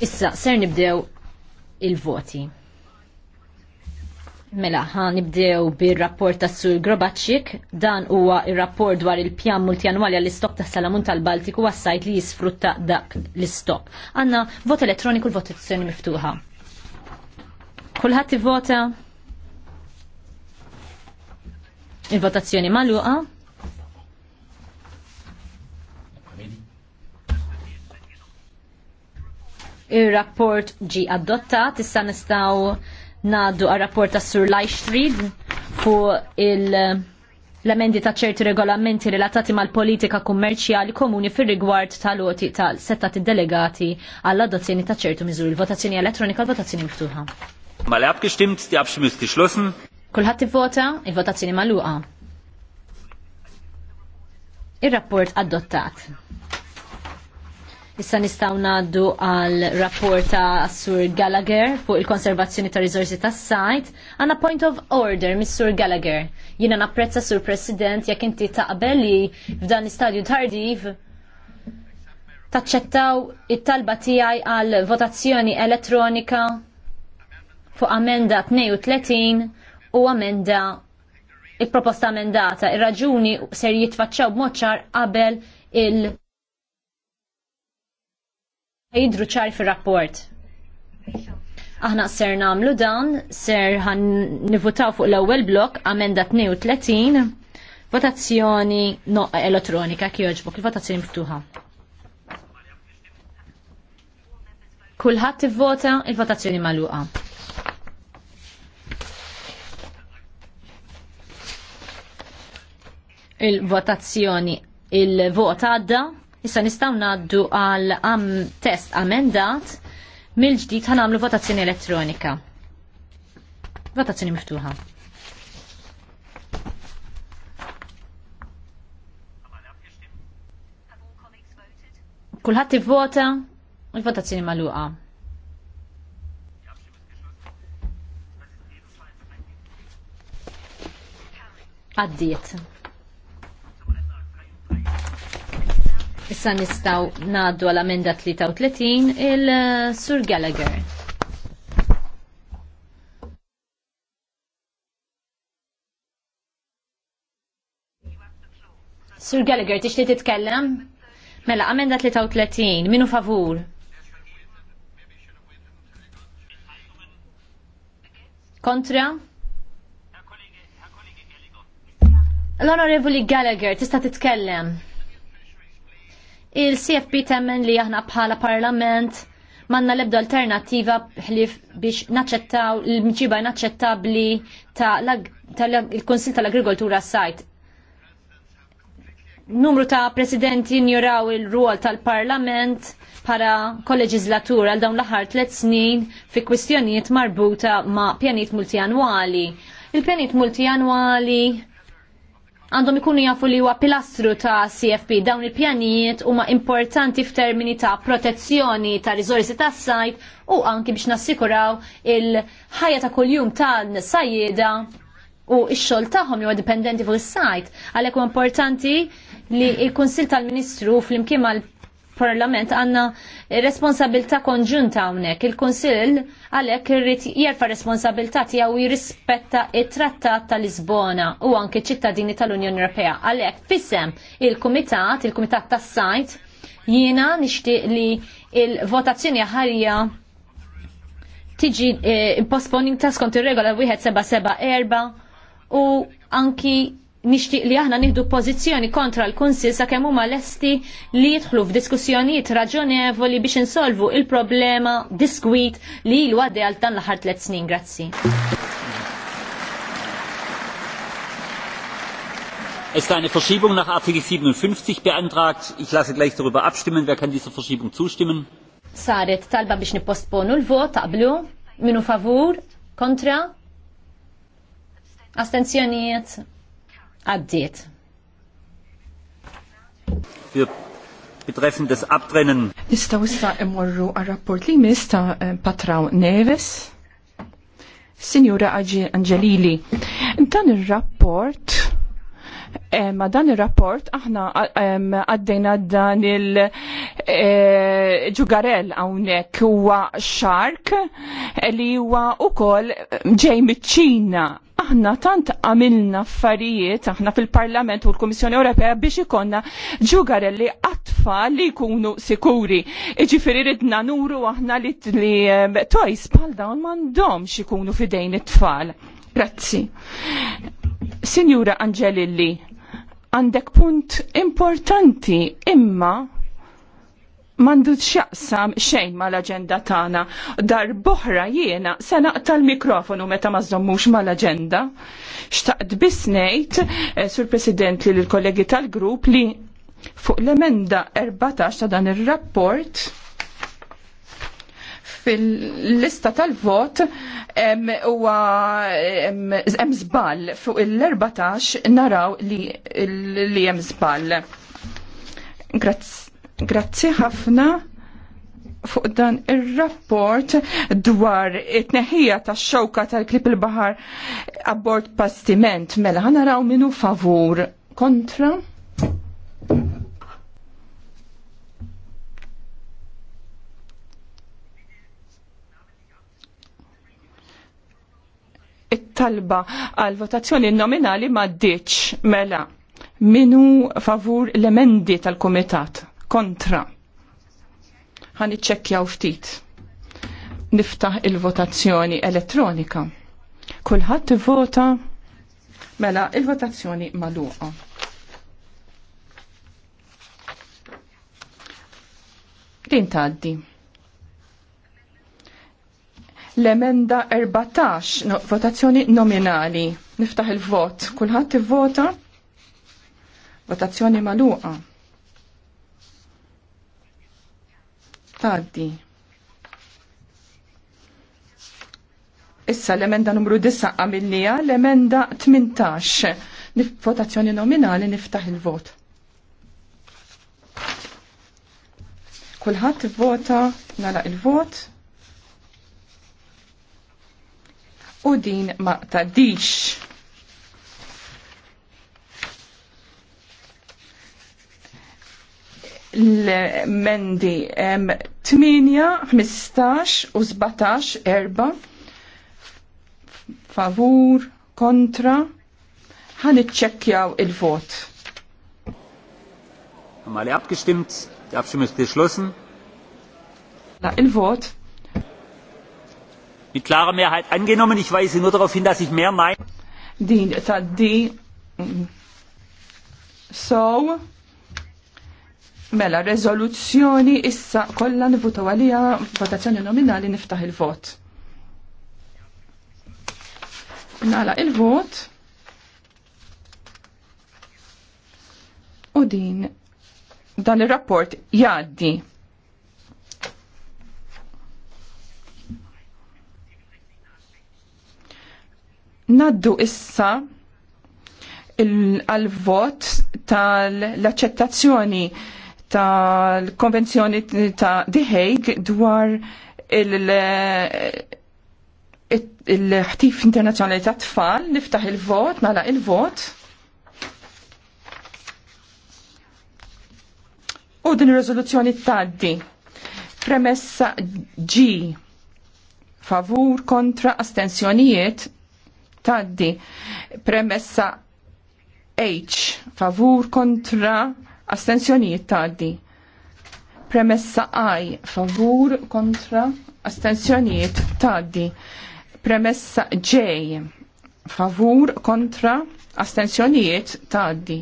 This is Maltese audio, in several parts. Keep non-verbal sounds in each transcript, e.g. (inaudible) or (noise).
Issa, ser nibdew il-voti. Mela, ħan nibdew bir-rapport tas sur Grobaċik, dan huwa ir-rapport dwar il-pjan multianwali għall-istok ta' Salamun tal-Baltiku għas-sajt li jisfrutta dak l-istok. Għanna vot elettroniku l-votazzjoni miftuħa. Kulħadd vota Il-votazzjoni magħluqa? Il-rapport ġi adottat, issa nistaw nadu għal-rapport ta' Sur Lajstrid fu l-emendi ta' ċerti regolamenti relatati mal-politika kummerċjali komuni fir rigward tal-oti tal-settati delegati għall-adozzjoni ta' ċertu il Votazzjoni elettronika, votazzjoni miftuħa. Male abgestimmt, die Abstimmung ist geschlossen. Kulħadd ivvota, il-votazzjoni magħluqa. Ir-rapport adottat. Issa nistaw naddu għal rapport ta' Sur Gallagher fuq il-konservazzjoni ta' rizorsi tas sajt għanna point of order miss Sur Gallagher. Jina napprezza Sur President jekk inti taqbel li f'dan istadju tardiv taċċettaw it-talba tiegħi għal votazzjoni elettronika fuq amenda 32 u amenda il-proposta amendata. Ir-raġuni ser jitfaċċaw moċar qabel il- jidru ċar fil-rapport. Aħna ser namlu dan, ser għan nivutaw fuq l-ewwel blok, amenda 32, votazzjoni no, elettronika, kjoġbuk, il-votazzjoni miftuħa. Kulħadd vota il-votazzjoni magħluqa. Il-votazzjoni il-vot għadda Issa nistaw naddu għal am test amendat mill-ġdid għamlu votazzjoni elettronika. Votazzjoni miftuħa. Kulħadd vota il-votazzjoni magħluqa. Għaddiet. Issa nistaw naddu għal amenda 33 il-Sur Gallagher. Sur Gallagher, li titkellem? Mela, amenda 33, minu favur? Kontra? L-Onorevoli Gallagher, tista titkellem? Il-CFP temmen li aħna bħala parlament manna lebda alternativa ħlif biex naċċettaw l-mġiba naċċettabli tal-Konsil tal-Agrikoltura sajt. Numru ta' presidenti njuraw il-ruol tal-Parlament para kolleġizlatura għal dawn l-aħħar tliet snin fi kwistjonijiet marbuta ma' pjanijiet multianwali. Il-pjanijiet multianwali għandhom ikunu jafu li huwa pilastru ta' CFP dawn il-pjanijiet huma importanti f'termini ta' protezzjoni ta' riżorsi tas sajt u anki biex nassikuraw il-ħajja ta' kuljum ta' sajjeda u x-xogħol tagħhom huwa dipendenti fuq is-sajt. Għalhekk huwa importanti li l-Kunsill tal-Ministru flimkien mal parlament għanna responsabilta konġunta hawnhekk. Il-Kunsill għalhekk irrid jerfa' responsabilità tiegħu jirrispetta it-Trattat tal-Lisbona u anke ċittadini tal-Unjoni Ewropea. Għalhekk fissem il-Kumitat, il-Kumitat tas-Sajt, jiena nixtieq li il-votazzjoni ħarja tiġi eh, postponing ta' skont ir-regola wieħed seba' seba' erba' u anki nixtieq li aħna nieħdu pożizzjoni kontra l-Kunsil sakemm huma lesti li jidħlu f'diskussjonijiet raġonevoli biex insolvu il-problema diskwit li ilu għaddej għal dan l-aħħar tliet snin. Grazzi. Es ist eine Verschiebung nach Artikel 57 beantragt. Ich lasse gleich darüber abstimmen. Wer kann dieser Verschiebung zustimmen? Saret talba biex nipostponu l-vot taqblu minu favur kontra astenzioniet, għaddiet. Betreffend des Abtrennen. Ista issa immorru għal-rapport li mista eh, Patraw Neves. Signora Angelili, dan il-rapport eh, ma dan il-rapport aħna eh, għaddejna dan il- ġugarell għawnek huwa shark li huwa ukoll ġej miċ-Ċina aħna tant għamilna affarijiet aħna fil-Parlament u l-Kummissjoni Ewropea biex ikonna ġugarelli għatfall li jkunu sikuri. Iġifieri ridna nuru aħna li, li tojs bħal dawn m'għandhomx ikunu fidejn it-tfal. Grazzi. Sinjura Angelilli, għandek punt importanti imma mandu xaqsam xejn mal-agenda tana. Dar boħra jiena se naqta l-mikrofonu meta ma żommux mal-agenda. Xtaqt bisnejt, eh, sur President li l-kollegi tal-grupp li fuq l-emenda 14 ta' dan ir-rapport fil-lista tal-vot huwa hemm żball fuq l-14 naraw li hemm żball. Grazzi. Grazzi ħafna fuq dan ir-rapport dwar it-neħija tax xewka tal-klip il-bahar abbord pastiment. Mela raw minu favur kontra. It-talba għal votazzjoni nominali ma' ditx mela minu favur l-emendi tal-komitat kontra. Għan iċċekkjaw ftit. Niftaħ il-votazzjoni elettronika. Kulħadd vota mela il-votazzjoni magħluqa. Din tgħaddi. L-emenda 14, no, votazzjoni nominali. Niftaħ il-vot. Kulħadd ivvota votazzjoni magħluqa. Tgħaddi. Issa l-emenda numru 9 għamilnija, l-emenda 18. Votazzjoni nominali niftaħ il-vot. Kulħadd vota nara il-vot. U din ma tadix. l-mendi 8, 15 u 17 erba favur, kontra ħan iċċekkjaw il-vot. Haben alle abgestimmt? Die Abstimmung ist geschlossen. Na, il-vot. Mit klarer Mehrheit angenommen. Ich weise nur darauf hin, dass ich mehr Nein. Die, die, So. Mela, rezoluzzjoni issa kollha nivutaw għalija votazzjoni nominali niftaħ il-vot. Nala il-vot. U din dan ir-rapport jgħaddi. Naddu issa il vot tal-accettazzjoni tal-konvenzjoni ta' The Hague dwar il-ħtif internazzjonali ta' tfal, niftaħ il-vot, nala il-vot. U din ir-riżoluzzjoni tgħaddi. Premessa G. Favur kontra astensjonijiet tgħaddi. Premessa H. Favur kontra Astenzjonijiet tgħaddi. Premessa I favur kontra astensjonijiet tardi. Premessa J favur kontra astensjonijiet tgħaddi.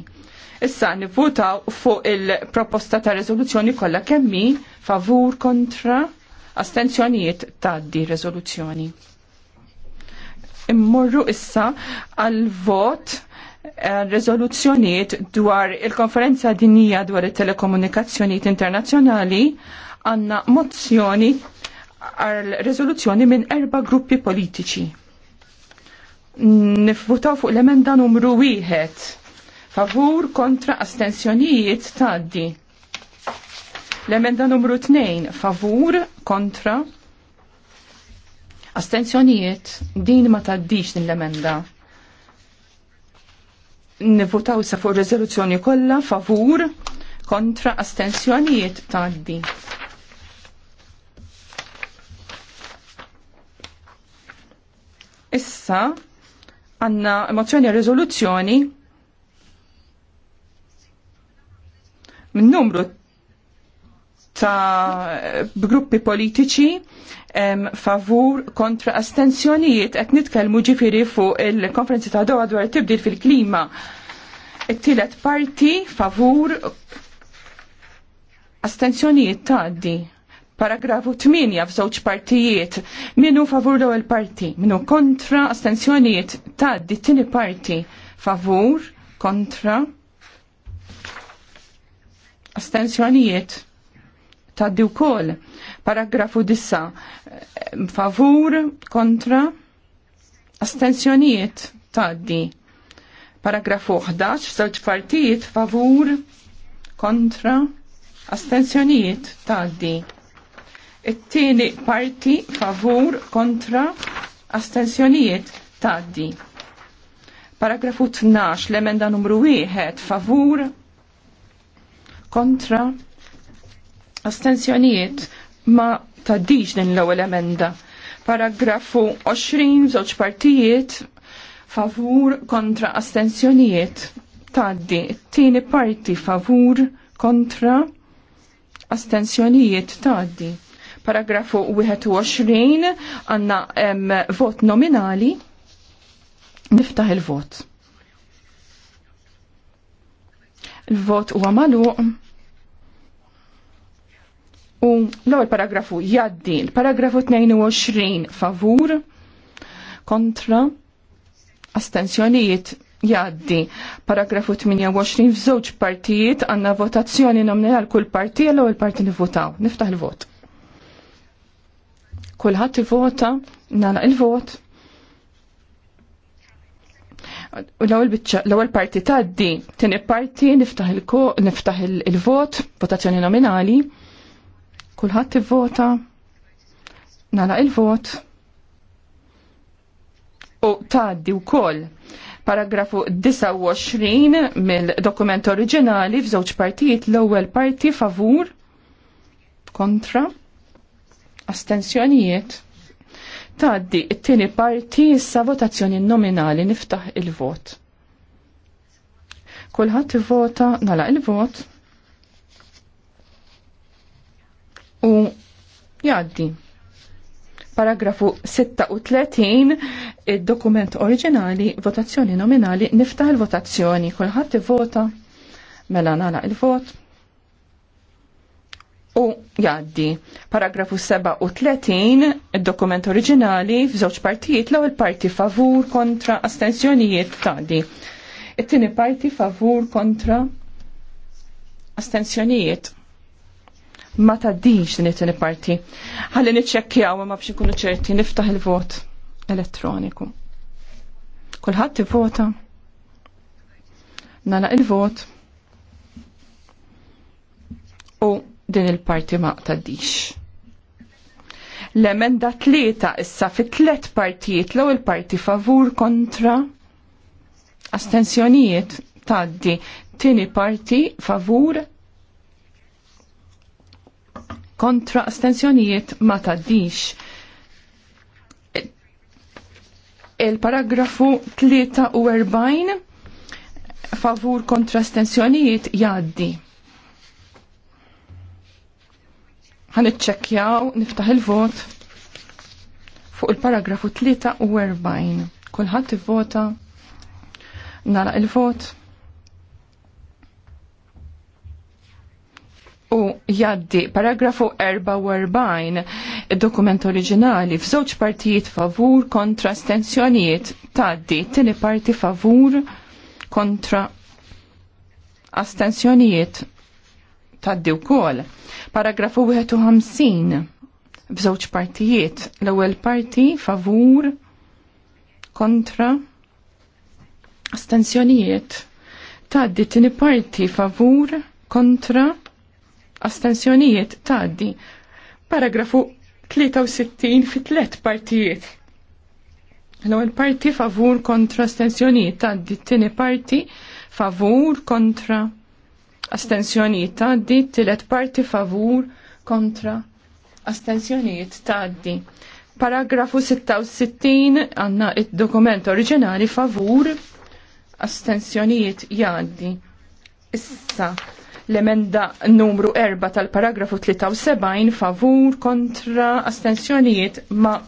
Issa nivvotaw fuq il-proposta ta' rezoluzzjoni kollha kemmi favur kontra astenzjonijiet tgħaddi rezoluzzjoni. Immorru issa għal vot Eh, rezoluzzjoniet dwar il-konferenza dinija dwar il-telekomunikazzjoniet internazzjonali għanna mozzjoni għal rezoluzzjoni minn erba gruppi politiċi. Nifvutaw fuq l-emenda numru wieħed. Favur kontra astensjonijiet taddi. L-emenda numru 2 favur kontra astensjonijiet din ma taddix din l-emenda nivutaw sa fuq rezoluzzjoni kollha favur kontra astensjonijiet tgħaddi. Issa għanna mozzjoni rezoluzzjoni min numru ta' gruppi politiċi favur kontra astensjonijiet qed nitkellmu ġifiri fuq il-konferenzi ta' Doha dwar tibdil fil-klima. It-tielet parti favur astensjonijiet tgħaddi. Paragrafu 8 f'żewġ partijiet. Minu favur l-ewwel parti, minu kontra astensjonijiet tgħaddi tieni parti favur kontra astensjonijiet taddi wkoll. Paragrafu dissa favur kontra astensjonijiet taddi. Paragrafu 11 żewġ partijiet favur kontra astensjoniet taddi. It-tieni parti favur kontra astensjonijiet taddi. Paragrafu 12 l-emenda numru 1 favur kontra Astenzjonijiet ma taddiġ din l-ewwel emenda. Paragrafu 20 żewġ partijiet favur kontra astenzjonijiet. Taddi, tieni parti favur kontra astenzjonijiet taddi. Paragrafu 21 għanna vot nominali. Niftaħ il-vot. Il-vot huwa magħluq U l-ewwel paragrafu jaddi, l-paragrafu 22 favur kontra astensjonijiet jaddi. Paragrafu 28 f'żewġ partijiet għandna votazzjoni nominali għal kull parti l-ewwel parti nivvotaw. Niftaħ il-vot. Kulħadd ivota, nagħlaq il-vot. L-ewwel parti tgħaddi, tieni parti niftaħ il-vot, votazzjoni nominali. Kulħadd ivvota. Nala il-vot. U tgħaddi wkoll paragrafu 29 mill-dokument oriġinali f'żewġ partijiet l-ewwel parti favur kontra astensjonijiet tgħaddi it-tieni parti issa votazzjoni nominali niftaħ il-vot. Kulħadd ivvota nagħlaq il-vot. u jgħaddi. Paragrafu 36, il-dokument oriġinali, votazzjoni nominali, niftaħ il-votazzjoni, kolħat vota mela nala il-vot, u jgħaddi. Paragrafu 37, il-dokument oriġinali, f'żewġ partijiet, l-ewwel parti favur kontra astensjonijiet tgħaddi. It-tieni parti favur kontra astensjonijiet ma taddix din it-tieni parti. Ħalli niċċekkjaw ma biex kunu ċerti niftaħ il-vot elettroniku. Kulħadd vota. Nala il-vot. U din il-parti ma taddix. L-emenda tlieta issa fi tliet partijiet l-ewwel parti favur kontra astensjonijiet taddi tini parti favur kontra astensjonijiet ma taddix. Il-paragrafu 43 favur kontra astensjonijiet jaddi. Ħaniċċekkjaw, niftaħ il-vot fuq il-paragrafu 43. Kulħadd ivvota nara il-vot. u jaddi paragrafu 44 dokument oriġinali f'żewġ partijiet favur kontra astensjonijiet taddi tini parti favur kontra astensjonijiet taddi wkoll. Paragrafu 51 f'żewġ partijiet l-ewwel parti favur kontra astensjonijiet taddi tini parti favur kontra astensjonijiet taddi. Paragrafu 63 fi tlet partijiet. L-ewwel parti favur kontra astensjonijiet taddi, t-tieni parti favur kontra astensjonijiet taddi, t-tielet parti favur kontra astensjonijiet taddi. Paragrafu 66 għanna id-dokument oriġinali favur astensjonijiet jaddi. Issa, L-emenda numru 4 tal-paragrafu 73 favur kontra astensjonijiet ma'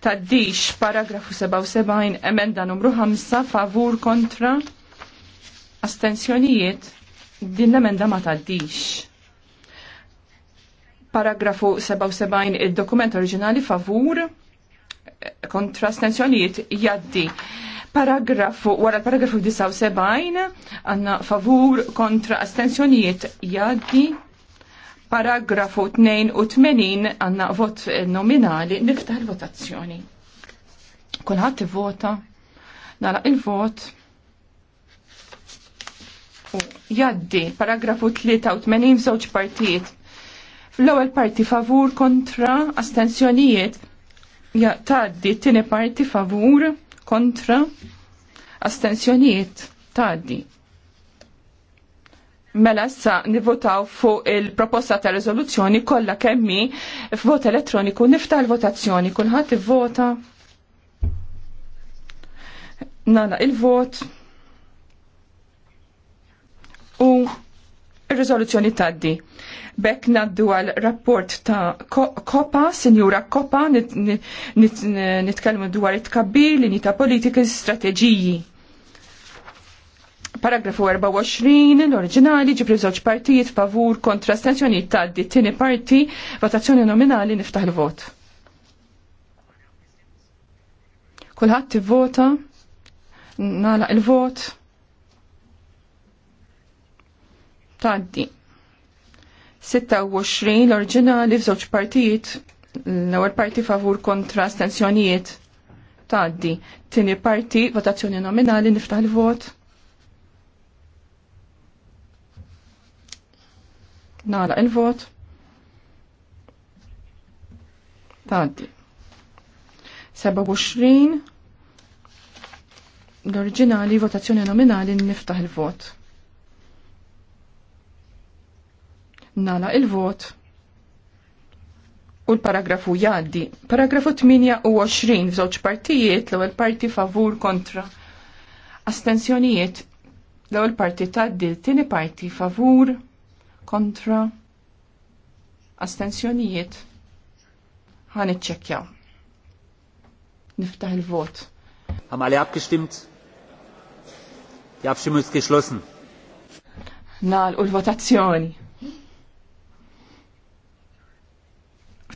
taddix paragrafu 77 emenda numru 5 favur kontra astensjonijiet din l-emenda ma taddix. Paragrafu 77 il-dokument oriġinali favur kontra astensjonijiet jaddi. Paragrafu, wara paragrafu 79, għanna favur kontra astensjonijiet jaddi. Paragrafu 82 għanna vot nominali niftaħ il-votazzjoni. Kulħadd vota, nara il-vot. U jaddi paragrafu 83 f'żewġ partijiet. Fl-ewwel parti favur kontra astensjonijiet ja, taddi t-tieni parti favur kontra astensjonijiet tgħaddi. Mela issa nivotaw fuq il-proposta ta' riżoluzzjoni kollha kemmi f'vot elettroniku niftaħ il-votazzjoni kulħadd ivvota. Nala il-vot u il riżoluzzjoni tgħaddi. Bekk naddu għal rapport ta' Kopa, Sinjura Kopa, nitkellmu dwar it-kabbir, linji ta' politika strateġiji. Paragrafu 24, l-oriġinali, ġibri żewġ partijiet favur kontra stenzjonijiet ta' di tieni parti, votazzjoni nominali niftaħ il-vot. Kulħadd tivvota, nagħlaq il-vot. Taddi. 26 l orġinali f'żewġ partijiet. L-ewwel parti favur kontra astensjonijiet tgħaddi. Tieni parti votazzjoni nominali niftaħ il-vot. Nagħlaq il-vot. Tgħaddi. 27 l orġinali votazzjoni nominali niftaħ il-vot. Nala il-vot u l-paragrafu jaddi. Paragrafu 28 f'żewġ partijiet l-ewwel parti favur kontra. Astenzjonijiet l-ewwel parti taddi tini parti favur kontra astenzjonijiet ħan iċċekkjaw. Niftaħ il-vot. Haben alle abgestimmt? Die Abstimmung ist geschlossen. Nal u l-votazzjoni.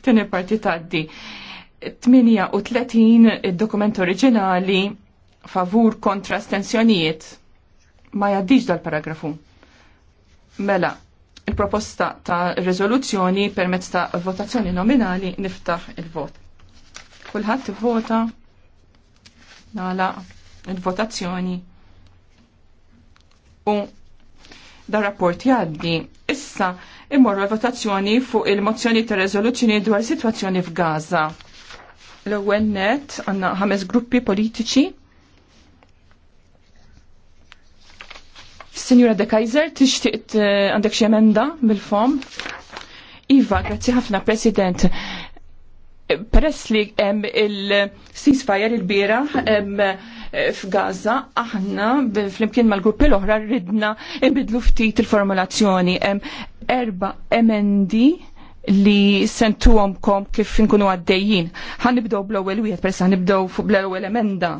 tini parti taddi. 38 il-dokument oriġinali favur kontra stensjonijiet ma jaddiġ dal-paragrafu. Mela, il-proposta ta' rezoluzzjoni permezz ta' votazzjoni nominali niftaħ il-vot. Kulħadd vota nala il-votazzjoni u da' rapport jaddi. Issa immorru votazzjoni fuq il-mozzjoni ta' rezoluzzjoni dwar situazzjoni f'Gaza. L-ewwel net għandna ħames gruppi politiċi. Signora De Kaiser, tixtieq eh, għandek xi emenda bil-fom? Iva, grazzi ħafna President peress li il-ceasefire il-bira eh, f'Gaza, aħna fl-imkien mal-gruppi l-oħra ridna imbidlu ftit il-formulazzjoni. Erba emendi li għomkom kif nkunu għaddejjin. nibdow bl-ewwel wieħed peress nibdow bl-ewwel emenda.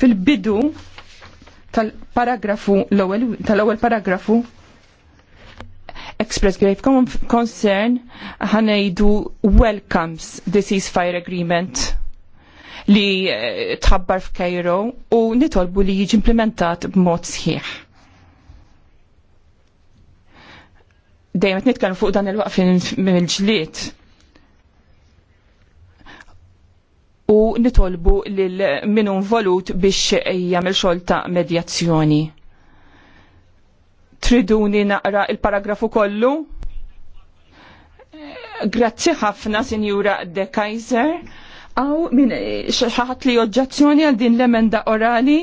Fil-bidu tal-paragrafu l-ewwel tal-ewwel paragrafu Express Grave Concern ħanejdu welcomes the ceasefire agreement li eh, tħabbar f'Kajro u nitolbu li jiġi implementat b'mod sħiħ. Dejjem qed nitkellmu fuq dan il-waqfin mill-ġlied. U nitolbu lil min involut biex jagħmel xogħol ta' medjazzjoni. Triduni naqra il-paragrafu kollu? Grazzi ħafna, Sinjura De Kaiser. Aw, minn xaħat li oġġazzjoni għal din l-emenda orali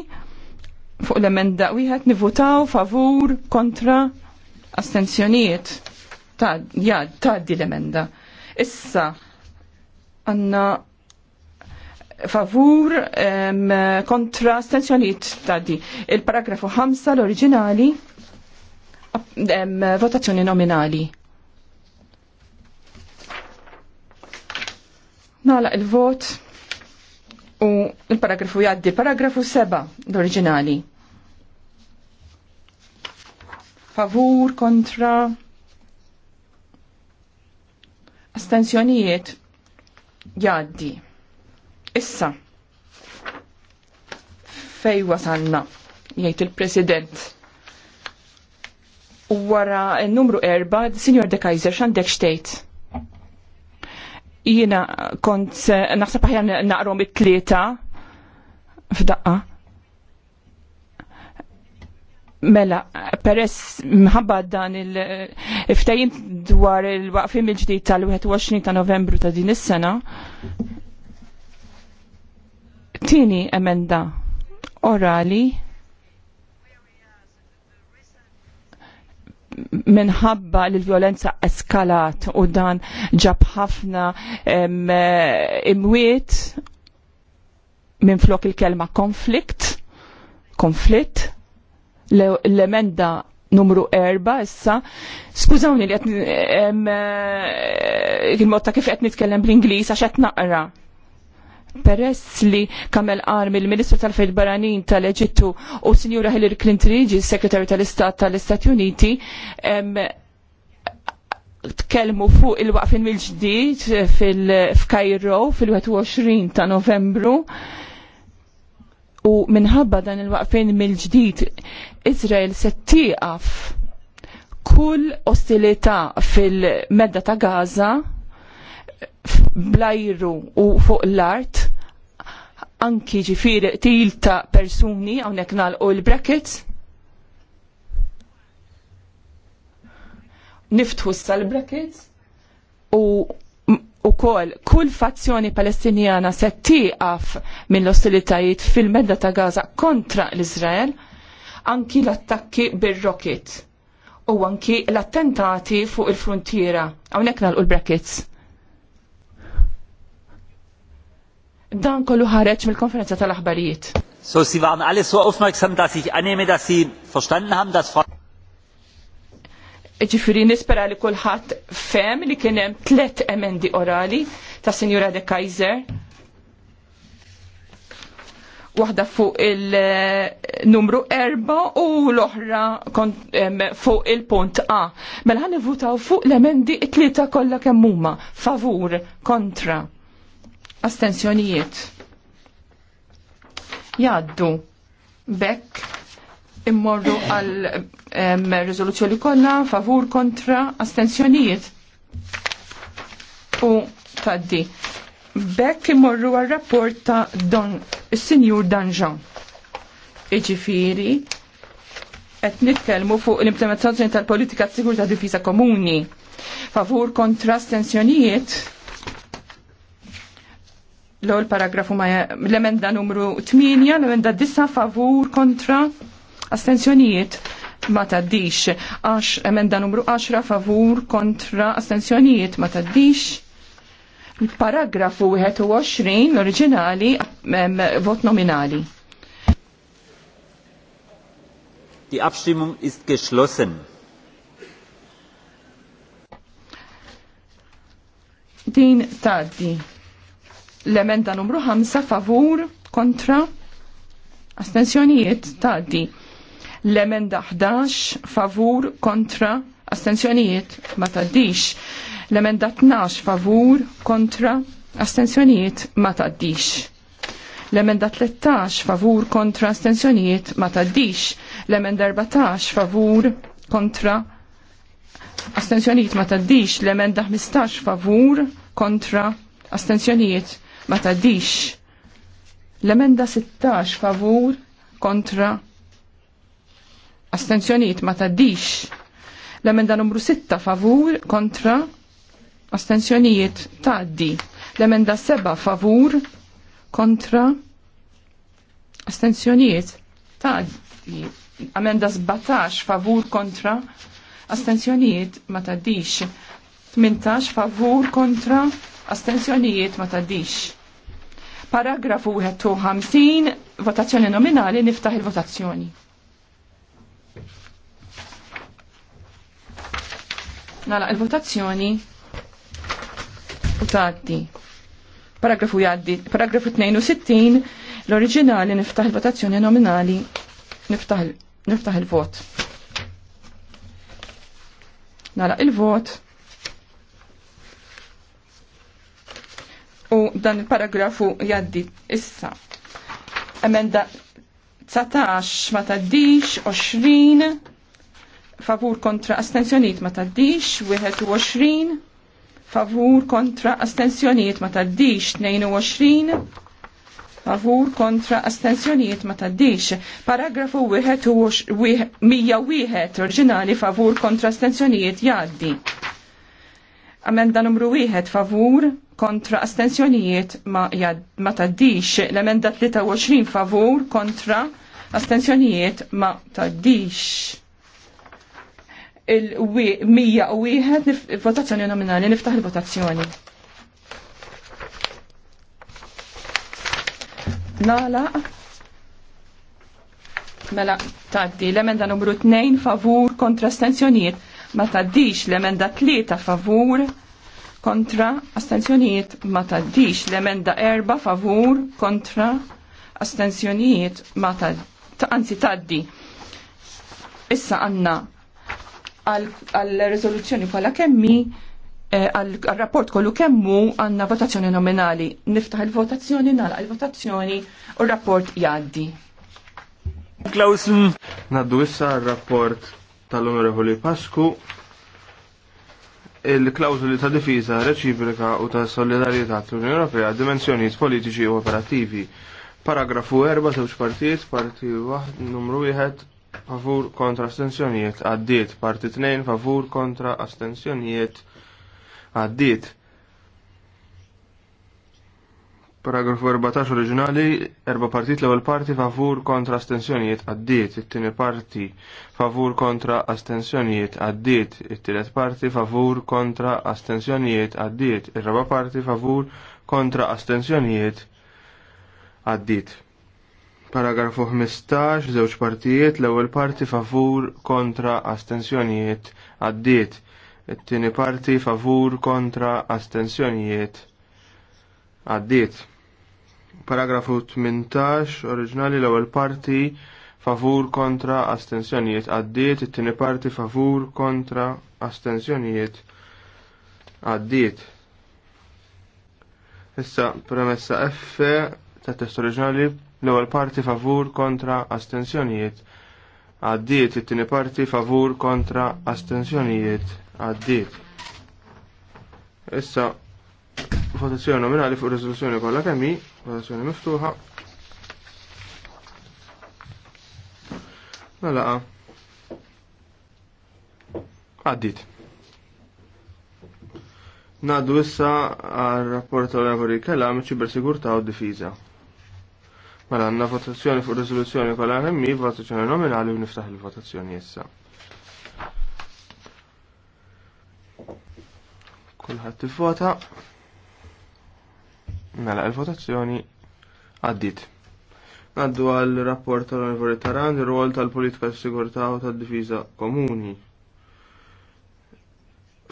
fuq l-emenda wieħed nivutaw favur kontra astensjonijiet ta' ta' di l-emenda. Issa għanna favur em, kontra astensjonijiet ta' di. Il-paragrafu 5 l-oriġinali votazzjoni nominali. Nala il-vot u il-paragrafu jaddi, paragrafu seba' l-oriġinali. Favur, kontra, astensjonijiet jaddi. Issa, fejwa sanna, jgħid il-President wara numru erba, Signor De Kaiser, xandek xtejt? Jina kont eh, naħseb ħajan naqrom it-tlieta f'daqqa. Mela, peress mħabba dan il-ftajin eh, dwar il-waqfim il-ġdijt tal-21 ta' novembru ta' din is-sena, tini emenda orali minħabba li l-violenza eskalat u dan ġab ħafna imwiet minn flok il-kelma konflikt, konflitt, l-emenda numru erba issa, skużawni li għetni eh, il-mod ta' kif għet nitkellem bl-Inglis għax għet naqra Peress li Kamel Armi, il-Ministru tal-Fejt Baranin tal-Eġittu u Sinjura Hillary Clinton Rigi, Sekretarju tal-Istat tal-Istati Uniti, tkellmu fuq il-waqfin mill-ġdid fil-Kajro fil-21 ta' Novembru u minħabba dan il-waqfin mill-ġdid Izrael se tieqaf kull ostilità fil-medda ta' Gaza blajru u fuq l-art anki ġifiri til ta' persuni għonek nal u l-brackets niftħu s-sal-brackets u u kol kull fazzjoni palestinjana se tiqaf minn l-ostilitajiet fil-medda ta' Gaza kontra l-Izrael anki l-attakki bil-rocket u anki l-attentati fuq il-frontiera. Għawnek nal-brackets Dan kollu ħareġ mill-konferenza tal-aħbarijiet. So si waren alle so aufmerksam, dass ich annehme, dass Sie verstanden haben, dass Frau Ġifiri nispera li kulħadd fem li kien hemm tliet emendi orali ta' Sinjura De Kaiser. Waħda fuq il-numru erba u l-oħra fuq il-punt A. Mela ħan votaw fuq l-emendi t tlieta kollha kemm huma favur kontra astensjonijiet. Jaddu bekk immorru għal rezoluzzjoni kollha favur kontra astensjonijiet. U taddi. Bekk immorru għal rapport ta' Don is-Sinjur Danġan. iġifiri qed nitkellmu fuq l-implementazzjoni tal-politika sigurta difiża komuni favur kontra astensjonijiet l ol paragrafu ma l-emenda numru 8, l-emenda 9 favur kontra astenzjonijiet ma taddix. Għax emenda numru 10 favur kontra astenzjonijiet ma taddix. Paragrafu 21 l-oriġinali vot nominali. Die Abstimmung ist geschlossen. Din taddi l-emenda numru 5 favur kontra astensjonijiet taddi. L-emenda 11 favur kontra astensjonijiet ma taddix. L-emenda 12 favur kontra astensjonijiet ma taddix. L-emenda 13 favur kontra astensjonijiet ma taddix. L-emenda 14 favur kontra astensjonijiet ma taddix. L-emenda 15 favur kontra astensjonijiet ma tadix. L-emenda 16 favur kontra astenzjoniet ma tadix. L-emenda numru 6 favur kontra astenzjonijiet taddi. L-emenda 7 favur kontra astenzjonijiet taddi. Amenda 17 favur kontra astenzjoniet ma taddix. 18 favur kontra astensjonijiet ma taddix. Paragrafu 51, votazzjoni nominali, niftaħ il-votazzjoni. Nala il-votazzjoni u taddi. Paragrafu jaddi, paragrafu 62, l originali niftaħ il-votazzjoni nominali, niftaħ il-vot. Nala il-vot. il vot nala il vot u dan il-paragrafu jaddi issa. Emenda 19 ma taddix, 20 favur kontra astensjoniet ma taddix, 21 favur kontra astensjoniet ma taddix, 22 favur kontra astensjoniet ma taddix. Paragrafu 101 oriġinali favur kontra astensjoniet jaddi. Amenda numru 1 favur kontra astensjonijiet ma, jad, ma taddix l-emenda 23 favur kontra astensjonijiet ma taddix il-101 votazzjoni nominali niftaħ il-votazzjoni. Nala mela taddi l-emenda numru 2 favur kontra astensjonijiet ma taddix l-emenda 3 favur kontra astenzjonijiet ma taddix l-emenda erba favur kontra astenzjonijiet ma taddix anzi taddi issa għanna għal-rezoluzzjoni kolla kemmi eh, għal-rapport kollu kemmu għanna votazzjoni nominali. Niftaħ il-votazzjoni, nalqa il-votazzjoni u rapport jaddi. Klausen. Naddu issa rapport tal-Onorevoli Pasku il-klawżuli ta' difiża reċiproka u ta' solidarjetà tal-Unjoni Ewropea dimensjonijiet politiċi u operattivi. Paragrafu 4 żewġ partijiet, parti 1 numru wieħed favur kontra astensjonijiet, għaddiet parti 2 favur kontra astensjonijiet, għaddiet Paragrafu 14 oriġinali, erba partit l-ewwel parti favur kontra astensjonijiet għaddiet, it-tieni parti favur kontra astensjonijiet għaddiet, it-tielet parti favur kontra astensjonijiet għaddiet, ir-raba parti favur kontra astensjonijiet għaddiet. Paragrafu 15, żewġ partijiet, l-ewwel parti favur kontra astensjonijiet għaddiet, it-tieni parti favur kontra astensjonijiet għaddiet. Paragrafu 18, oriġinali l-ewwel parti favur kontra astensjonijiet għaddiet, it-tieni parti favur kontra astensjonijiet għaddiet. Issa premessa F ta' test oriġinali l-ewwel parti favur kontra astensjonijiet għaddiet, it-tieni parti favur kontra astensjonijiet għaddiet. Issa Votazzjoni nominali fuq riżoluzzjoni kollha kemm hi, votazzjoni miftuħa. Mela. Għaddit. Naddu issa għal rapport onorevoli Kellam ċibersigurtà u difiża. Mela għandna votazzjoni fuq riżoluzzjoni kollha hemm votazzjoni nominali u niftaħ il-votazzjoni issa. Kulħadd tifvota Mela, il-votazzjoni għaddit. Għaddu għal rapport tal-Onorevoli Taran, ir-rol tal-politika s-sigurtà u tad-difiża komuni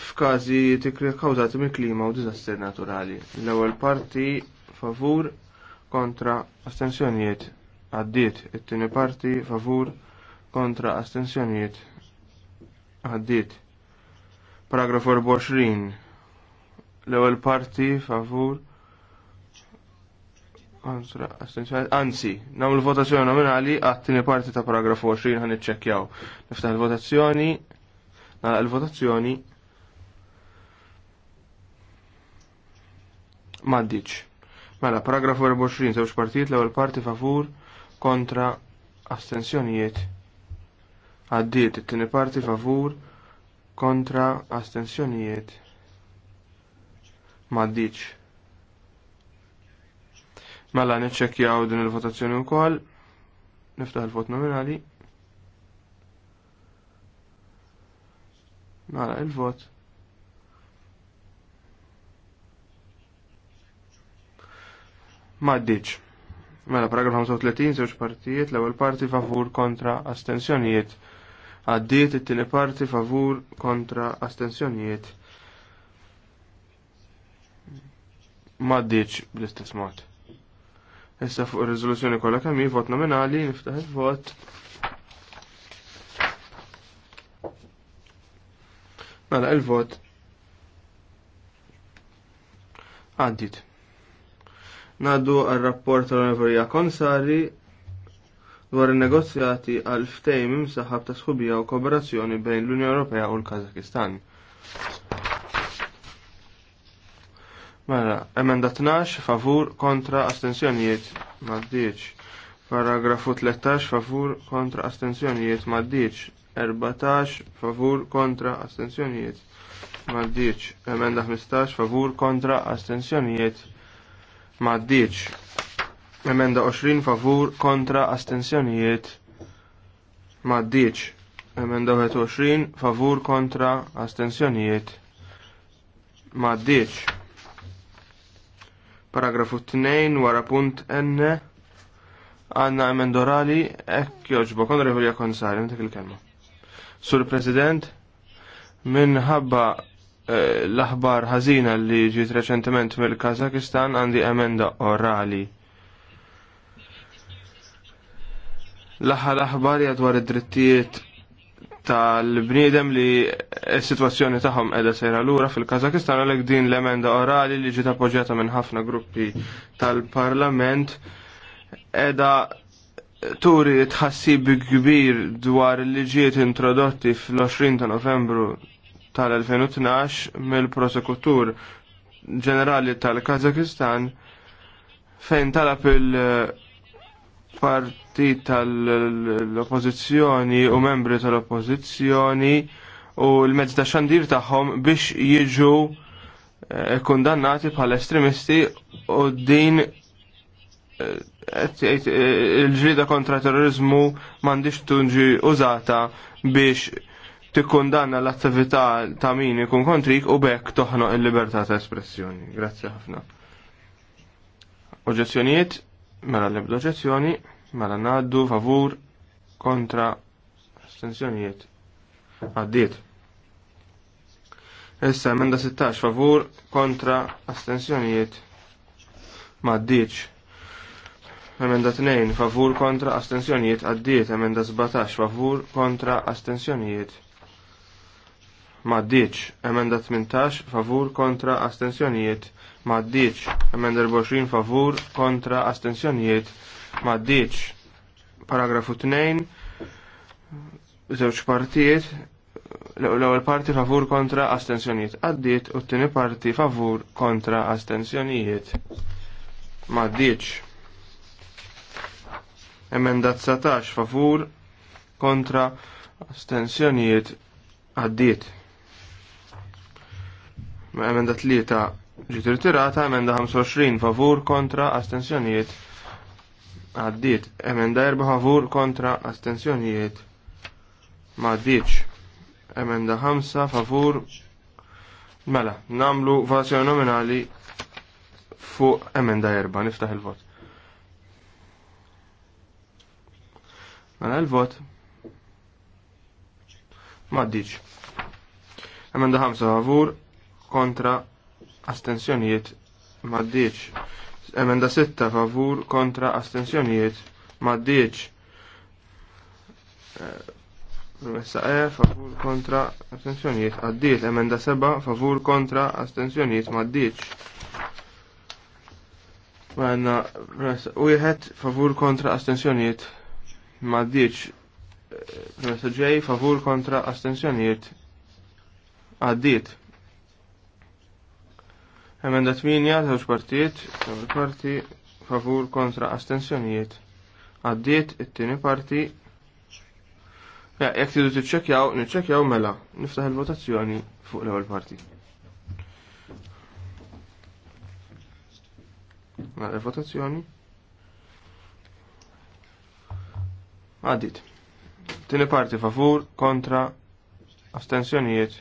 f'każi tikri kkawżati minn klima u diżastri naturali. L-ewwel parti favur kontra astensjonijiet għaddit. it-tieni parti favur kontra astensjonijiet għaddit. Paragraf 24. L-ewwel parti favur Anzi, namlu votazzjoni nominali għattini parti ta' paragrafu 20 għan iċċekjaw. Niftaħ il-votazzjoni, nalaq il-votazzjoni. Maddiċ. Mela, paragrafu 24, zewġ partijiet l-ewwel parti favur kontra astensjonijiet. Għaddiet it-tieni parti favur kontra astensjonijiet. Maddiċ. Mela niċċekjaw din il-votazzjoni wkoll. Niftaħ il-vot nominali. Mela il-vot. Maddiċ. Mela paragraf 35 żewġ partijiet, l-ewwel parti favur kontra astensjonijiet. Għaddiet it-tieni parti favur kontra astensjonijiet. Maddiċ bl-istess mod. Issa fuq ir-riżoluzzjoni kollha kemm vot nominali, niftaħ il-vot. Mela il-vot. Għaddit. Naddu għal-rapport tal-Onorevoli Konsari dwar il-negozjati għal ftejm imsaħab ta' sħubija u kooperazzjoni bejn l-Unjoni Ewropea u l-Kazakistan. Mela, emenda 12 favur kontra astensjonijiet maddiċ. Paragrafu 13 favur kontra astensjonijiet maddiċ. 14 favur kontra astensjonijiet maddiċ. Emenda 15 favur kontra astensjonijiet maddiċ. Emenda 20 favur kontra astensjonijiet maddiċ. Emenda 21 favur kontra astensjonijiet maddiċ Paragrafu 2 wara punt N għanna emendorali ek joġbok onorevoli Jakonsari, mtek il-kelma. Sur President, minħabba eh, l-aħbar ħażina li ġiet reċentement mill-Kazakistan għandi emenda orali. L-aħħar aħbar dwar id-drittijiet tal-bniedem li s-situazzjoni tagħhom qiegħda sejra lura fil-Kazakistan għalhekk din l-emenda orali li ġiet appoġġjata minn ħafna gruppi tal-Parlament qiegħda turi tħassib kbir dwar liġijiet introdotti fl-20 ta' Novembru tal-2012 mill-prosekutur ġenerali tal-Kazakistan fejn talab il-part partit tal-oppozizjoni u membri tal-oppozizjoni u l-mezz ta' xandir tagħhom biex jiġu eh, kundannati bħal estremisti u din eh, eh, il-ġrida kontra terrorizmu mandiġ tunġi użata biex tikkundanna l-attività ta' min ikun kontrik u bekk toħno il-libertà ta' espressjoni. Grazzi ħafna. Oġezzjonijiet, mela l-ebda oġezzjoni mela naddu favur kontra astensjonijiet għaddiet. Issa emenda 16 favur kontra astensjonijiet maddiċ. Emenda 2 favur kontra astensjonijiet għaddiet. Emenda 17 favur kontra astensjonijiet maddiċ. Emenda 18 favur kontra astensjonijiet maddiċ. Emenda 24 favur kontra astensjonijiet maddiċ. Paragrafu 2, żewġ partijiet, l-ewwel parti favur kontra astensjonijiet għaddiet u t-tieni parti favur kontra astensjonijiet. Maddiċ. Emenda 19 favur kontra astensjonijiet għaddiet. Emenda 3 ġiet tirata, emenda 25 favur kontra astensjonijiet għaddiet emenda erba favur kontra astensjonijiet maddiċ emenda ħamsa favur mela namlu votazzjoni nominali fuq emenda erba niftaħ il-vot mela il-vot maddiċ emenda ħamsa favur kontra astensjonijiet maddiċ Emenda 6 favur kontra astensjonijiet maddiċ. Eh, Promessa E, favur kontra astensjonijiet għaddiet. Emenda 7, favur kontra astensjonijiet maddiċ. Għanna, wieħed favur kontra astensjonijiet maddiċ. Eh, Promessa J, favur kontra astensjonijiet għaddiet. Emenda 8 żewġ partijiet, l parti favur kontra astensjonijiet. Għaddiet it-tieni parti Jek tidu tiċċekkjaw, niċċekkjaw mela, niftaħ il-votazzjoni fuq l-ewwel parti. Nara il-votazzjoni. Għaddiet. Tieni parti favur, kontra, astensjonijiet,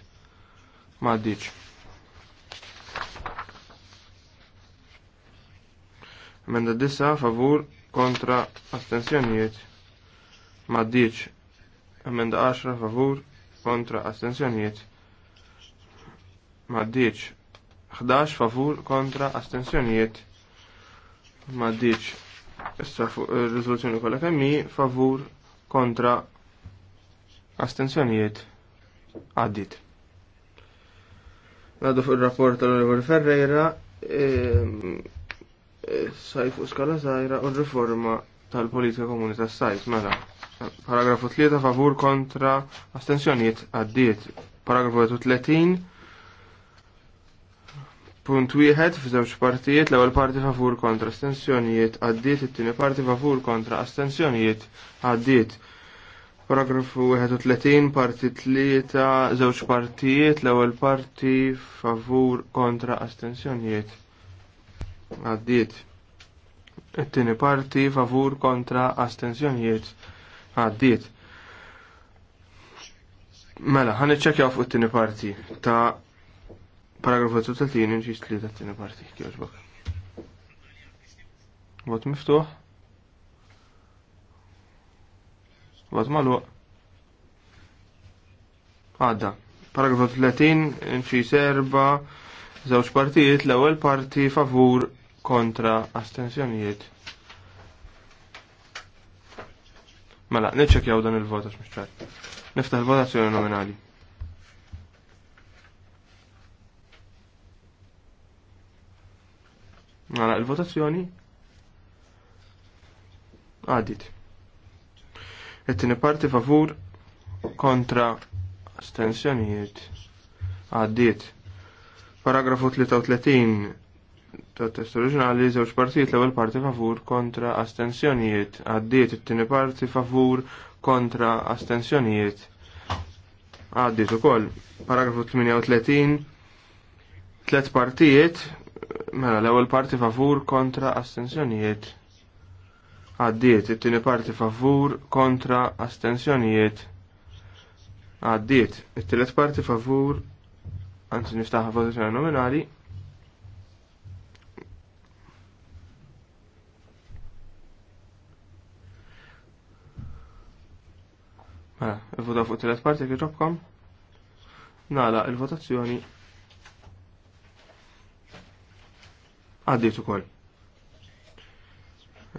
ma' għaddiċ. Menda disa favur kontra astensjonijiet ma ddiċ. Emenda 10 favur kontra astensjonijiet ma ddiċ. 11 favur kontra astensjonijiet ma ddiċ. Issa eh, rizoluzzjoni kollha kemm favur kontra astensjonijiet għaddit. Nadu fuq il-rapport tal-Oliver Ferreira, ehm, sajf u skala zaħira u riforma tal-politika komuni tas sajf mela. Paragrafu 3 favur kontra astensjoniet għaddiet. Paragrafu 30 punt wieħed f'żewġ partijiet l-ewwel parti favur kontra astensjonijiet għaddiet it-tieni parti favur kontra astensjonijiet għaddiet. Paragrafu 31 parti 3 żewġ partijiet l-ewwel parti favur kontra astensjonijiet għaddiet. It-tieni parti favur kontra astensjonijiet għaddiet. Mela, ħan iċċekjaw fuq it-tieni parti ta' paragrafu 30 nġis li ta' t-tieni parti, kjoġbok. Vot miftuħ. Vot maluq. Għadda. Paragrafu 30 nġis erba' żewġ partijiet l-ewwel parti favur kontra astensjonijiet. Mela, jaw dan il votax għax Niftaħ il-votazzjoni nominali. Mela, il-votazzjoni għadit. It-tieni parti favur kontra astensjonijiet għaddit. Paragrafu 33 ta' test oriġinali żewġ partijiet l-ewwel parti favur kontra astensjonijiet, għaddiet it-tieni parti favur kontra astensjonijiet. Għaddiet ukoll paragrafu 38 tliet partijiet mela l-ewwel parti favur kontra astensjonijiet. Għaddiet it-tieni parti favur kontra astensjonijiet. Għaddiet it-tielet parti favur anzi niftaħ votazzjoni nominali Mela, il vota fuq tielet parti kif ġobkom. Nala, il-votazzjoni għaddiet ukoll.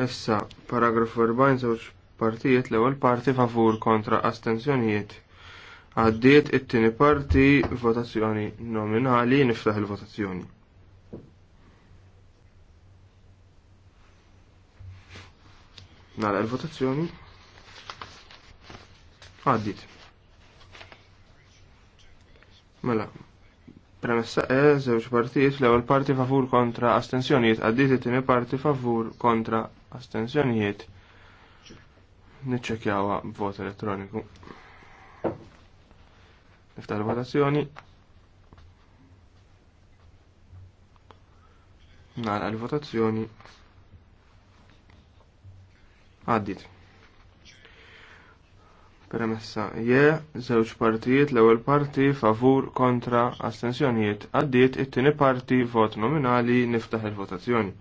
Issa, paragrafu 40 żewġ partijiet l-ewwel parti favur kontra astenzjonijiet. Għaddiet it-tieni parti votazzjoni nominali niftaħ il-votazzjoni. Nara il-votazzjoni għaddit. Mela, premessa E, żewġ partijiet, l-ewwel parti favur kontra astensjonijiet, għaddit it-tieni parti favur kontra astensjonijiet. Niċċekjawha b'vot elettroniku. Niftar votazzjoni. Nara l-votazzjoni. Għaddit. Premessa, je, żewġ partijiet l-ewwel parti favur kontra astensjonijiet għaddiet it-tieni parti vot nominali niftaħ il-votazzjoni.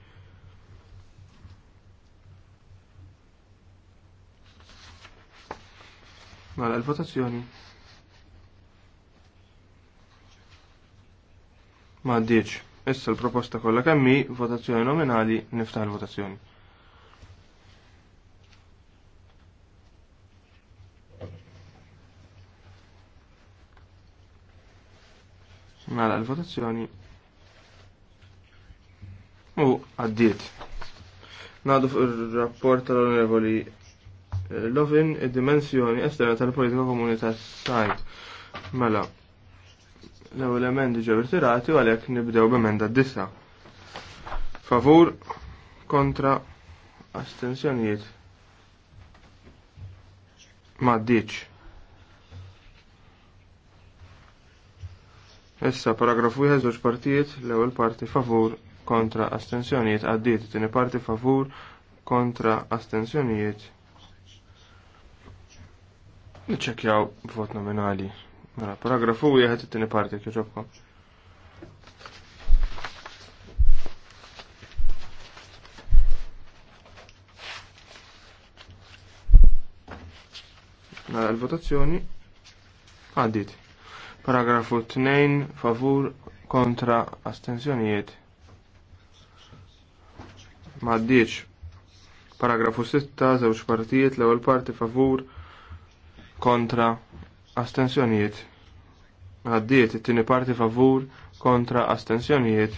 Mala l-votazzjoni. Ma għaddiċ. Issa l-proposta kollha kemmi votazzjoni nominali niftaħ il-votazzjoni. Mela l-votazzjoni. U għaddiet. Nadu fuq il-rapport tal-onorevoli eh, Lovin id-dimensjoni esterna tal-politika komuni tas-sajt. Mela, l-ewwel emendi ġew irtirati u għalhekk nibdew b'emenda d-disa. Favur kontra astensjonijiet. Ma' ddiċ. Issa paragrafu wieħed żewġ partijiet l-ewwel parti favur kontra astensjonijiet għaddiet, tieni parti favur kontra astensjonijiet. Nċekjaw vot nominali. Mela, paragrafu wieħed it-tieni parti kieġobkom. Mela, l-votazzjoni għaddit. Paragrafu 2 favur kontra astensjonijiet. Maddiċ. Paragrafu 6 żewġ partijiet l-ewwel parti favur kontra astensjonijiet. Maddiċ, it-tieni parti favur kontra astensjonijiet.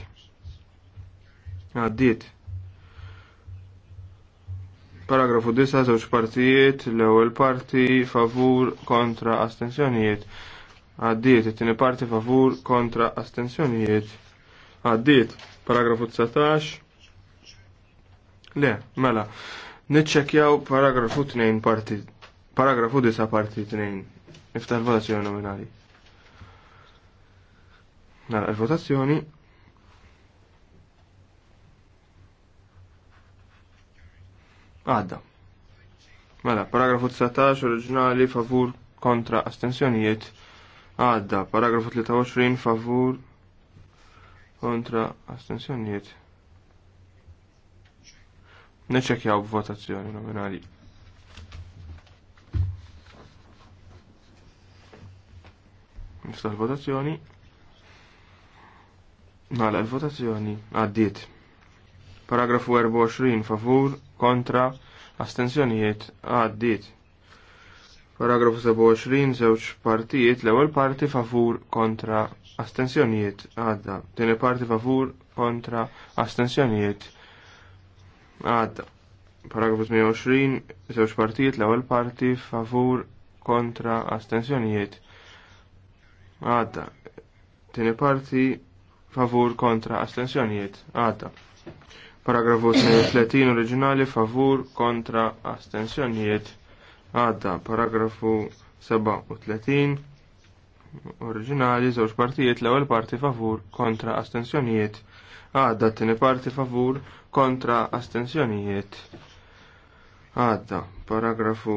Għaddiet. Paragrafu 9 żewġ partijiet l-ewwel parti favur kontra astensjonijiet għaddiet it-tieni parti favur kontra astensjonijiet għaddiet paragrafu 19 le mela nitċekjaw paragrafu 2 parti paragrafu 10 parti 2 niftar votazzjoni nominali nara votazzjoni għadda Mela, paragrafu 19 oriġinali favur kontra astensjonijiet Għadda, paragrafu 23 favur kontra astensjonijiet. Neċekjaw b'votazzjoni nominali. Nistaħ votazzjoni. Nala l-votazzjoni għaddit. Paragrafu 24 favur kontra astensjonijiet għaddiet. Paragrafu 27, żewġ partijiet, l-ewwel parti favur kontra astensjonijiet għadda. Tieni parti favur kontra astensjonijiet għadda. Paragrafu 28, żewġ partijiet, l-ewwel parti favur kontra astensjonijiet għadda. Tieni parti favur kontra astensjonijiet għadda. Paragrafu 30 oriġinali favur kontra astensjonijiet għadda paragrafu 37 oriġinali żewġ partijiet l-ewwel parti favur kontra astensjonijiet għadda t-tieni parti favur kontra astensjonijiet għadda paragrafu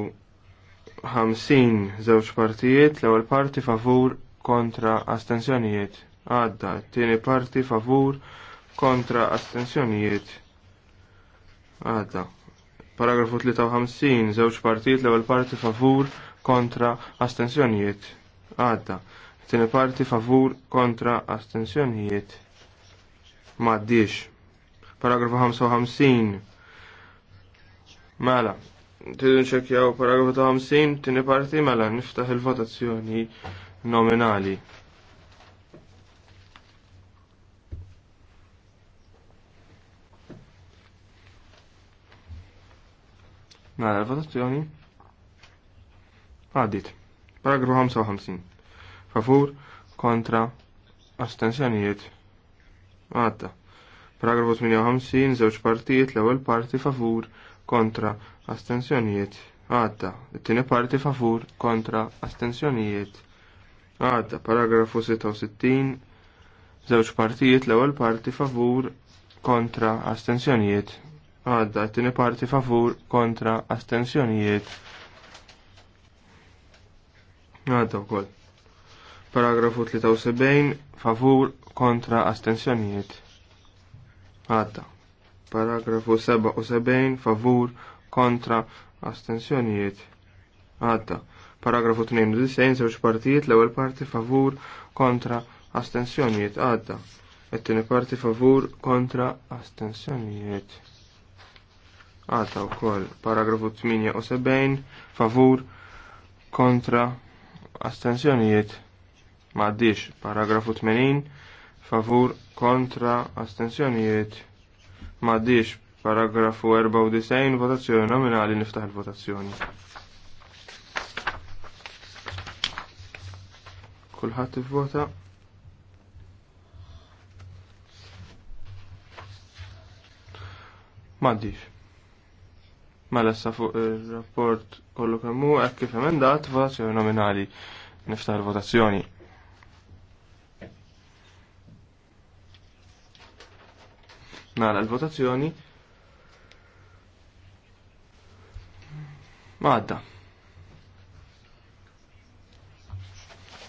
50 żewġ partijiet l-ewwel parti favur kontra astensjonijiet għadda t-tieni parti favur kontra astensjonijiet għadda Paragrafu 53, żewġ partijiet l-ewwel parti favur kontra astensjonijiet. Għadda. Tieni parti favur kontra astensjonijiet. M'għaddix. Paragrafu 55. Mela. Tridu nċekkjaw paragrafu 50, tieni parti mela niftaħ il-votazzjoni nominali. Nara l-votazzjoni. Għaddit. Paragrafu 55. Favur kontra astensjonijiet. Għadda. Paragrafu 58, żewġ partijiet, l-ewwel parti favur kontra astensjonijiet. Għadda. It-tieni parti favur kontra astensjonijiet. Għadda. Paragrafu 66, żewġ partijiet, l-ewwel parti favur kontra astensjonijiet għadda t-tini parti favur kontra astensjonijiet għadda u koll paragrafu 73 favur kontra astensjonijiet għadda paragrafu 77 favur kontra astensjonijiet għadda paragrafu 92 sewġ partijiet l-ewwel parti favur kontra astensjonijiet għadda it-tieni parti favur kontra astensjonijiet għata u koll paragrafu 78 favur kontra astensjonijiet maddix paragrafu 80 favur kontra astensjonijiet maddix paragrafu 94 votazzjoni nominali niftaħ il-votazzjoni kulħadd ivvota maddix Mela sa fuq il-rapport kollu kemmu hekk kif emendat votazzjoni nominali. Niftaħ votazzjoni. Mela l-votazzjoni. Madda.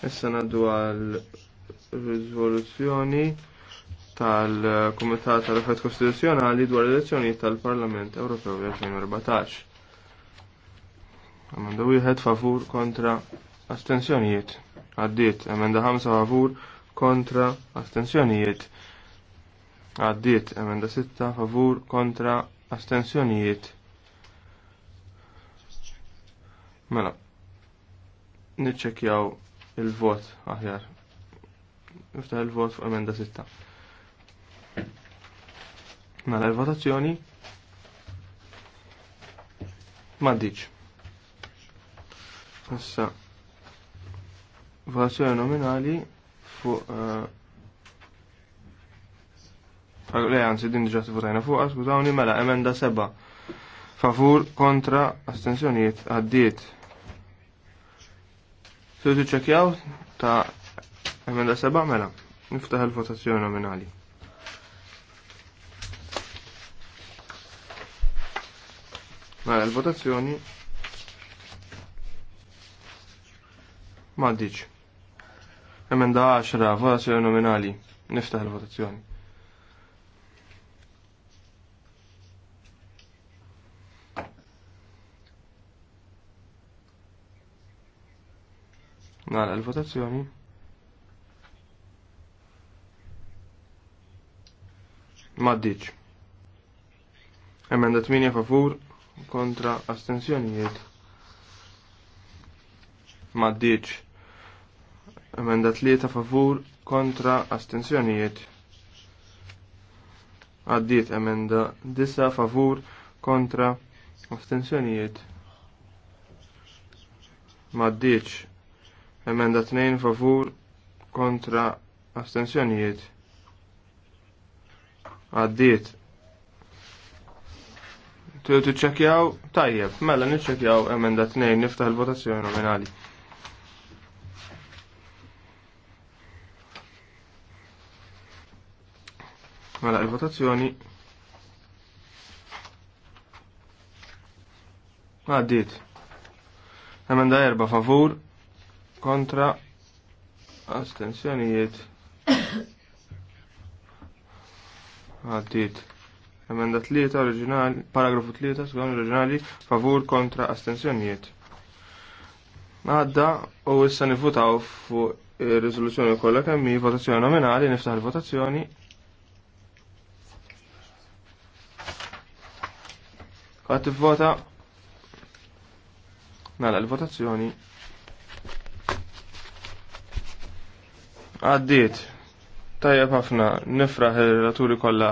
Issa naddu għal riżoluzzjoni tal-Kumitat tal-Affett Kostituzzjonali dwar l-elezzjonijiet tal-Parlament Ewropew 2014. Emenda wieħed favur kontra astensjonijiet. Għaddiet emenda ħamsa favur kontra astensjonijiet. Għaddiet emenda sitta favur kontra astensjonijiet. Mela, niċċekjaw il-vot aħjar. Niftaħ il-vot fuq emenda sitta. Nara l-votazzjoni. Maddiċ. Issa. Votazzjoni nominali fuq. Uh, le, anzi, din diġa t-votajna fu, skużawni, mela, emenda seba. Favur kontra astensjoniet għaddiet. Tudu ċekjaw ta' emenda seba mela. Niftaħ il-votazzjoni nominali. Mela l-votazzjoni ma Emenda 10, votazzjoni nominali. Niftaħ il-votazzjoni. Nara mela, l-votazzjoni. Ma Emenda 8 favur, kontra astensjonijiet maddiċ. Emenda tlieta favur kontra astensjonijiet. Għaddiet emenda disa favur kontra astensjonijiet. Maddiċ. Emenda tnejn favur kontra astensjonijiet. Għaddiet Tidu ċekjaw Tajjeb, mela niċċekjaw emenda 2 niftaħ il-votazzjoni nominali. Mela il-votazzjoni. Għaddit. Emenda erba' favur kontra astensjonijiet. (coughs) Għaddit. Emenda tlieta oriġinali, paragrafu tlieta skon oriġinali favur kontra astensjonijiet. Għadda u issa nivutaw fuq ir-riżoluzzjoni kollha kemm hi votazzjoni nominali niftaħ il-votazzjoni. Għat vota Nala mela, l-votazzjoni. Għaddiet. Tajjeb ħafna nifraħ il-raturi kollha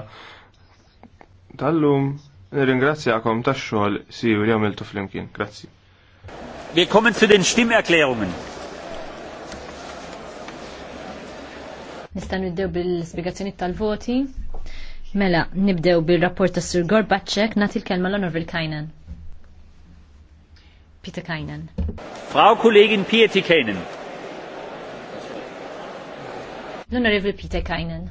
tal-lum nirringrazzjakom tax-xogħol siwi li għamiltu flimkien. Grazzi. Wir kommen zu den Stimmerklärungen. Nista' nibdew bil spiegazzjoni tal-voti. Mela, nibdew bil-rapport ta' Sir Gorbaczek, nagħti l-kelma l-Honorable Kajnen. Peter Kajnen. Frau Kollegin Pieti Kajnen. L-Honorable Peter Kajnen.